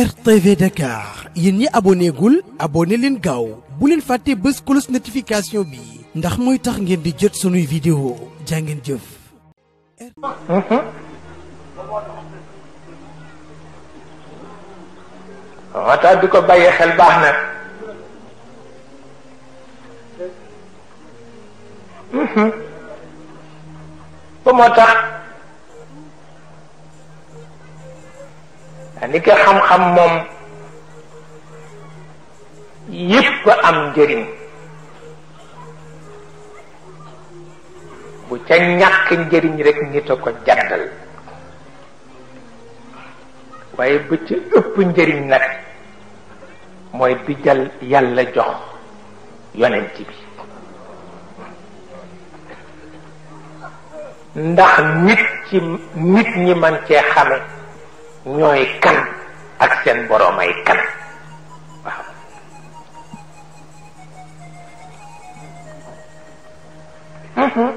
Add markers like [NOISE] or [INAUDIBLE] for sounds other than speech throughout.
RTV Dakar yéen yi aboné abone leen gaaw bu leen fàtte bés close notification bi ndax mooy tax ngeen di jët sunuy vidéo jàngeen jëf. moo mm-hmm. tax di ko bàyyi xel baax na. Mm-hmm. ba moo tax. ni ki xam-xam moom yépp am njëriñ bu ca ñàkk njëriñ rek nit a ko jaddal waaye bu ca ëpp njëriñ nag mooy bi yàlla jox yonent bi ndax nit ci nit ñi man cee xame ñooy kan ak seen boroomay kan waaw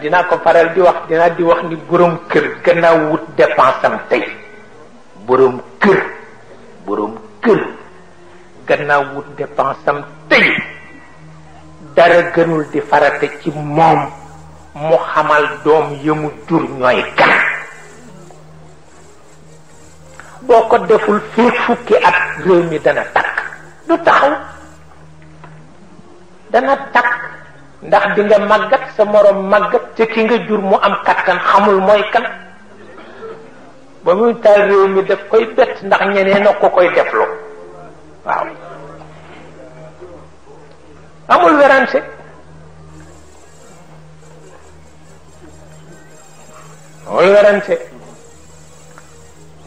dinaa ko faral di wax dinaa di wax ni boroom kër gën a wut dépense am tey borom kër borom kër gën wut dépense tey dara gënul di farata ci moom mu xamal doom yëmu jur ñooy kan boo ko deful fii fukki at réew mi dana takk du taxaw dana takk ndax di nga màggat sa morom màggat te ki nga jur mu am kattan xamul mooy kan ba muy taal réew mi daf koy bett ndax ñeneen a ko koy defloo waaw amul werante amul werante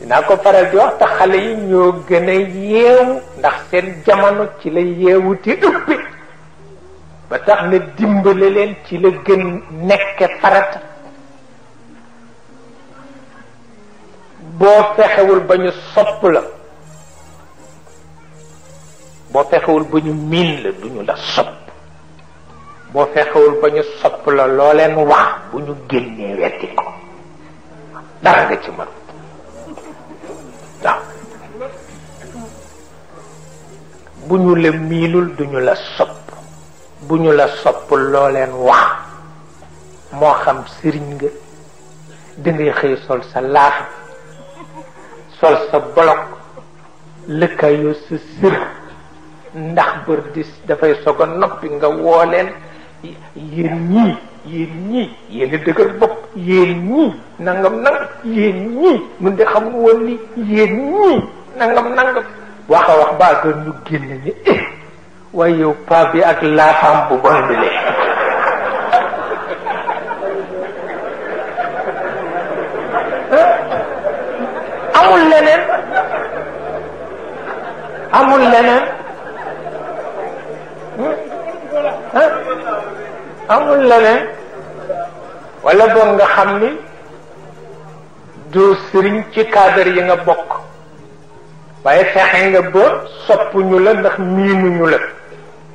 dinaa ko faral di wax xale yi ñoo gën a yeewu ndax seen jamono ci la yeewuti ëpp ba tax na dimbale leen ci la gën nekke farata boo fexewul ba ñu sopp la boo fexewul ba ñu miin la duñu la sopp boo fexewul ba ñu sopp la loo leen bu ñu génnee wetti ko dara nga ci mën bu ñu la miilul duñu la sopp bu ñu la sopp loo leen wax moo xam sëriñ nga dangay xëy sol sa laaf sol sa bolok lëkkaayoo sa sër ndax bër di dafay soog noppi nga woo leen yéen ñii yéen ñii yéen dëgër bopp yéen ñii nangam nangam yéen ñii mun de xamul woon li yéen ñii nangam nangam wax a wax ba doon ñu ni eh, waaye yow paa bi ak laafaam bu bon bi le eh, amul leneen amul leneen eh, amul leneen wala boog nga xam ni du sëriñ ci cadre yi nga bokk waaye fexe nga ba soppuñu la ndax miinuñu la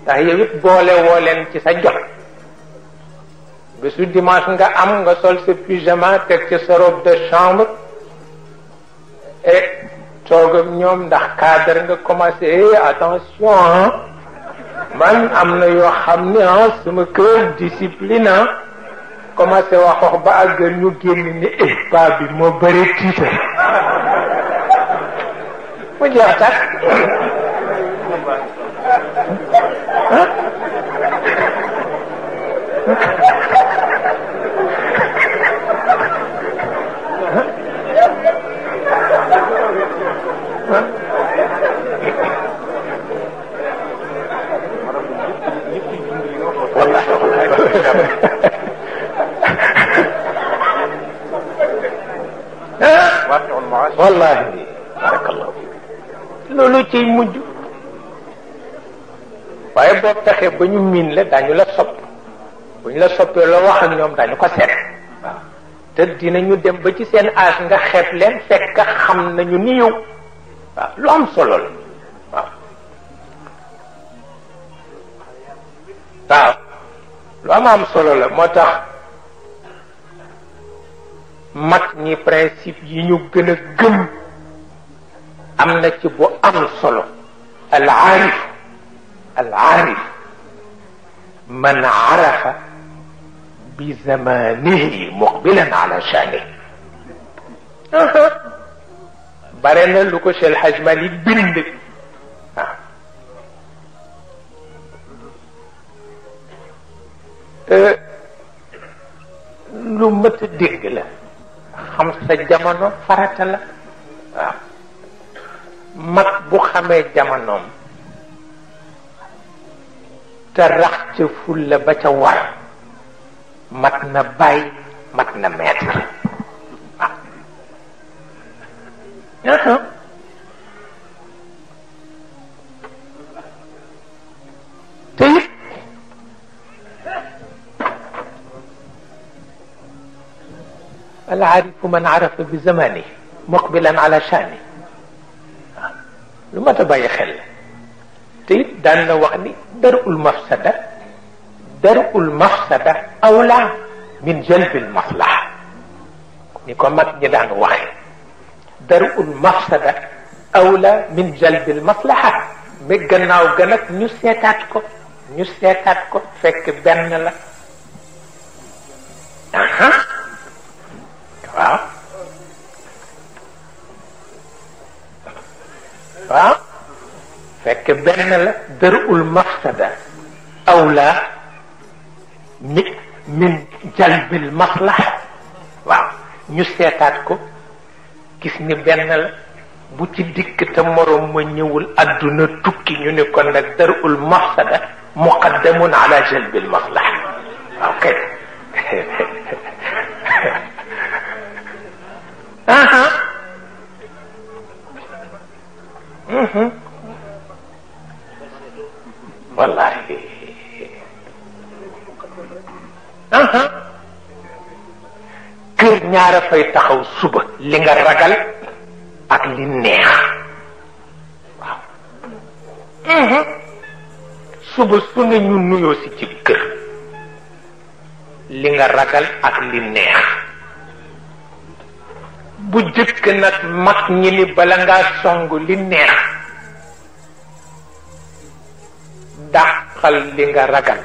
ndax yow boole woo leen ci sa dimanche nga am nga sol sa pyjama teg ci robe de chambre et toog ak ndax cadre nga eh, attention hein. man am na yoo hein, discipline ah commencé wax ba àgg ñu ni eh, bi Bây giờ chắc والله mooy mujj waaye boo fexee ba ñu miin la dañu la sopp bu ñu la soppee loo wax ak ñoom dañu ko seet waaw te ñu dem ba ci seen âge nga xeeb leen fekk xam nañu ni yow waaw lu am solo la waaw lu am am solo la moo tax mag ñi principe yi ñu gën a gëm amna ci bu am solo al arif al arif man arafa bi zamanihi muqbilan ala shani bare na lu ko shel Hadj Malick bind lu mat a dégg la xam sa jamono farata la mat bu xamé jamanom te rax ci fulla ba ca war mat na bay mat na maître العارف من عرف بزمانه مقبلا على شأنه lu mat a bàyyi xel la te it daan na wax ni darul mafsada darul mafsada awla min jalbil maslaha ni ko mag ñi daan waxe darul mafsada awla min jalbil maslaha mais gannaaw ga nag ñu seetaat ko ñu seetaat ko fekk benn la ah fekk benn la dërul mafsada awla mi min jalbil maslaha waaw ñu seetaat ko gis ni benn la bu ci dikk te morom ma ñëwul adduna tukki ñu ni kon nag darul mafsada muqaddamun ala jalbil maslaha waaw kay taxaw suba li nga ragal ak li neex suba su ne ñu nuyoo si ci kër li nga ragal ak li neex bu jëkk nag mag ñi li bala nga song li neex li nga ragal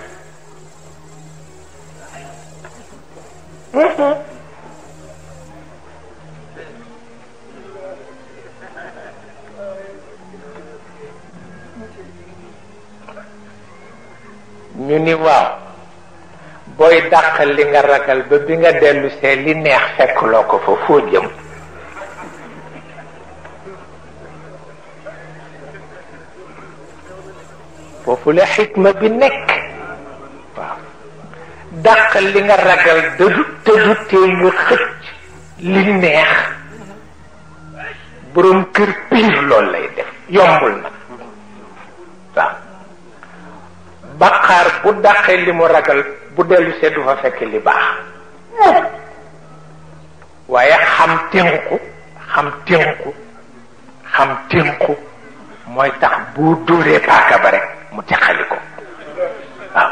mooy dàqal li nga ragal ba bi nga dellu see li neex fekkuloo ko fa foo jëm foofu la xikma bi nekk waaw dàqal li nga ragal dëdu tëdu tee nga xëcc li neex borom kër piir loolu lay def yombul nag waaw baqaar bu dàqee li mu ragal bu dellu see du fa fekk li baax waaye xam tënku xam tënku xam tënku mooy tax boo dóoree paaka ba rek mu teqali ko waaw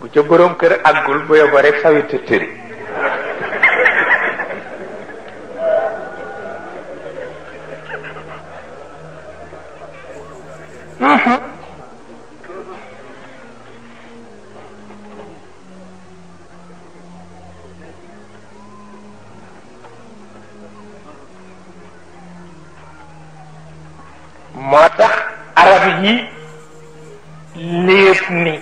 bu ca borom kër àggul bu yóbboo rek sawi tëtëri moo tax arab yi léeb ni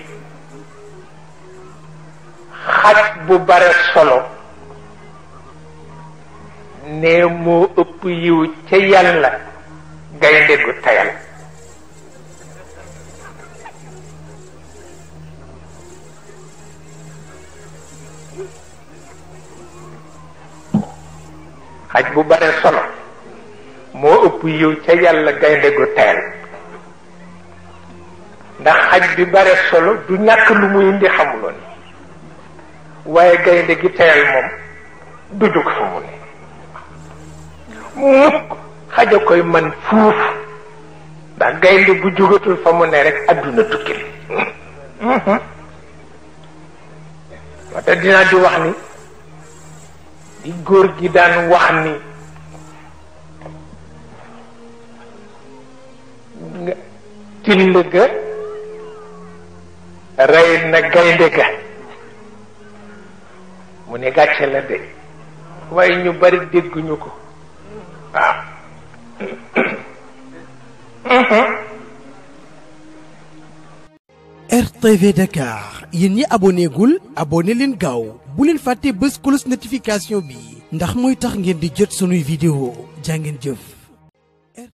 xaj bu bare solo ne moo ëpp yiw ca yàlla gaynde gu tayal xaj bu bare solo moo ëpp yiw ca yàlla gaynde gu teel ndax xaj bi bare solo du ñàkk lu muy indi xamuloon waaye gaynde gi teel moom du jóg fa mu ne mukk xaj a koy man fuuf ndax gaynde bu jógatul fa mu ne rek àdduna tukki wate mhm. dinaa di wax ni di góor gi daan wax ni till ga rey na gaynde ga mu ne gàcce la de waaye ñu bari dégguñu ko waaw [COUGHS] RTV Dakar yéen ñi abonné gul abonné leen gaaw bu leen fàtte bés cloche notification bi ndax mooy tax ngeen di jot sunuy vidéo jàngeen ngeen jëf